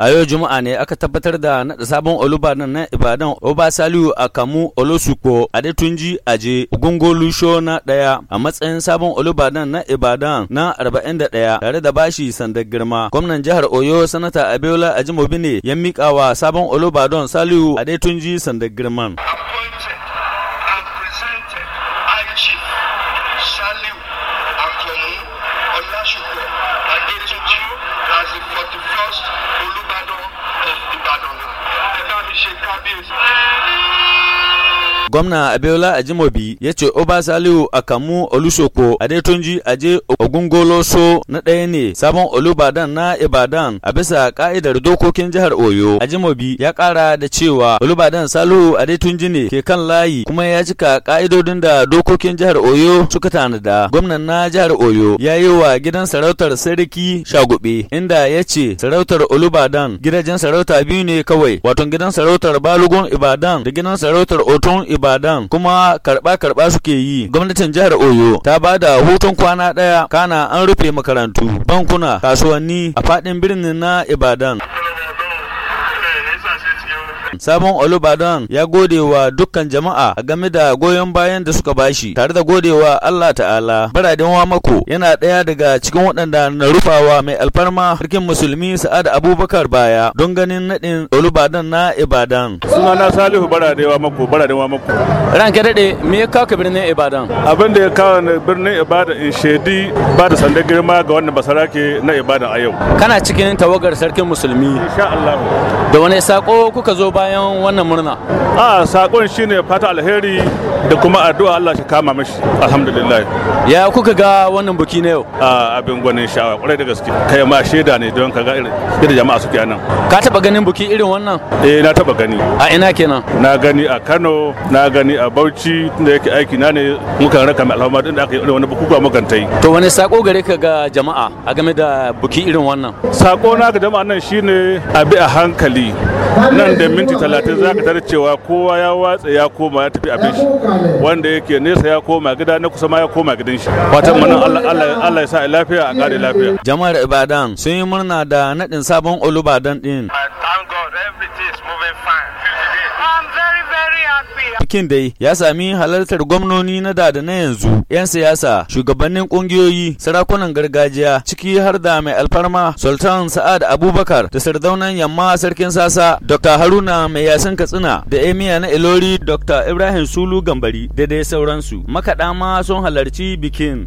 A yau Juma'a ne aka tabbatar da naɗa sabon Olubadan na Ibadan Oba Saliu Akamu Olosuko Adetunji Aje lusho na ɗaya a matsayin sabon Olubadan na Ibadan na 41 tare da bashi sanda girma. Gwamnan jihar Oyo Sanata Abiola Ajimobi ne ya miƙa wa sabon Olubadan Saliu Adetunji sanda girman. a d i o Gwamna Abiola Ajimobi ya ce Oba Salihu Akamu Olusoko Adetunji Aje Ogungoloso na ɗaya ne sabon Olubadan na Ibadan a bisa ka'idar dokokin jihar Oyo. Ajimobi ya kara da cewa Olubadan Salihu Adetunji ne ke kan layi kuma ya cika ka'idodin da dokokin jihar Oyo suka tanada. Gwamnan na jihar Oyo ya yi wa gidan sarautar Sarki Shagube inda ya ce sarautar Olubadan gidajen sarauta biyu ne kawai wato gidan sarautar Balugun Ibadan da gidan sarautar Otun Ibadan kuma karba karba suke yi gwamnatin jihar Oyo ta ba da hutun kwana daya kana an rufe makarantu bankuna kasuwanni a faɗin birnin na Ibadan Sabon Olubadan ya gode wa dukkan jama'a a game da goyon bayan da suka bashi tare da gode wa Allah ta'ala. Baradin Wamako yana ɗaya daga cikin waɗanda na rufawa mai alfarma sarkin musulmi Sa'ad Abubakar baya don ganin naɗin Olubadan na Ibadan. Sunana Salihu Baradin Wamako, Baradin Wamako. Ranka daɗe, me ya kawo birnin Ibadan? Abin da ya kawo birnin Ibadan in shaidi ba da sandar girma ga wannan basarake na Ibadan a yau. Kana cikin tawagar sarkin musulmi. Insha Allah. Da wani sako kuka zo bayan wannan murna a sakon shine fata alheri da kuma addu'a Allah shi kama mashi alhamdulillah ya kuka ga wannan buki na yau a abin gwanin sha'awa kwarai da gaske kai ma shaida ne don ka ga irin yadda jama'a suke nan ka taba ganin buki irin wannan eh na taba gani a ina kenan na gani a Kano na gani a Bauchi da yake aiki na ne muka raka mai alhamma din da aka yi wani bukukuwa mukan tai to wani sako gare ka ga jama'a a game da buki irin wannan sako na ga jama'a nan shine a bi a hankali nan da min minti talatin za ka tare cewa kowa ya watsa ya koma ya tafi abin shi wanda yake nesa ya koma gida na kusa ma ya koma gidan shi fatan mana Allah ya sa lafiya a kare lafiya jama'ar Ibadan sun yi murna da nadin sabon Olubadan din Bikin dai ya sami halartar gwamnoni na da da na yanzu, 'yan siyasa, shugabannin ƙungiyoyi, sarakunan gargajiya, ciki har da mai alfarma Sultan Sa'ad Abubakar da sardaunan yamma sarkin sasa Dr. Haruna mai yasin Katsina da Emiya na Ilori Dr. Ibrahim Sulu Gambari da dai sauransu. Makaɗa ma sun halarci bikin.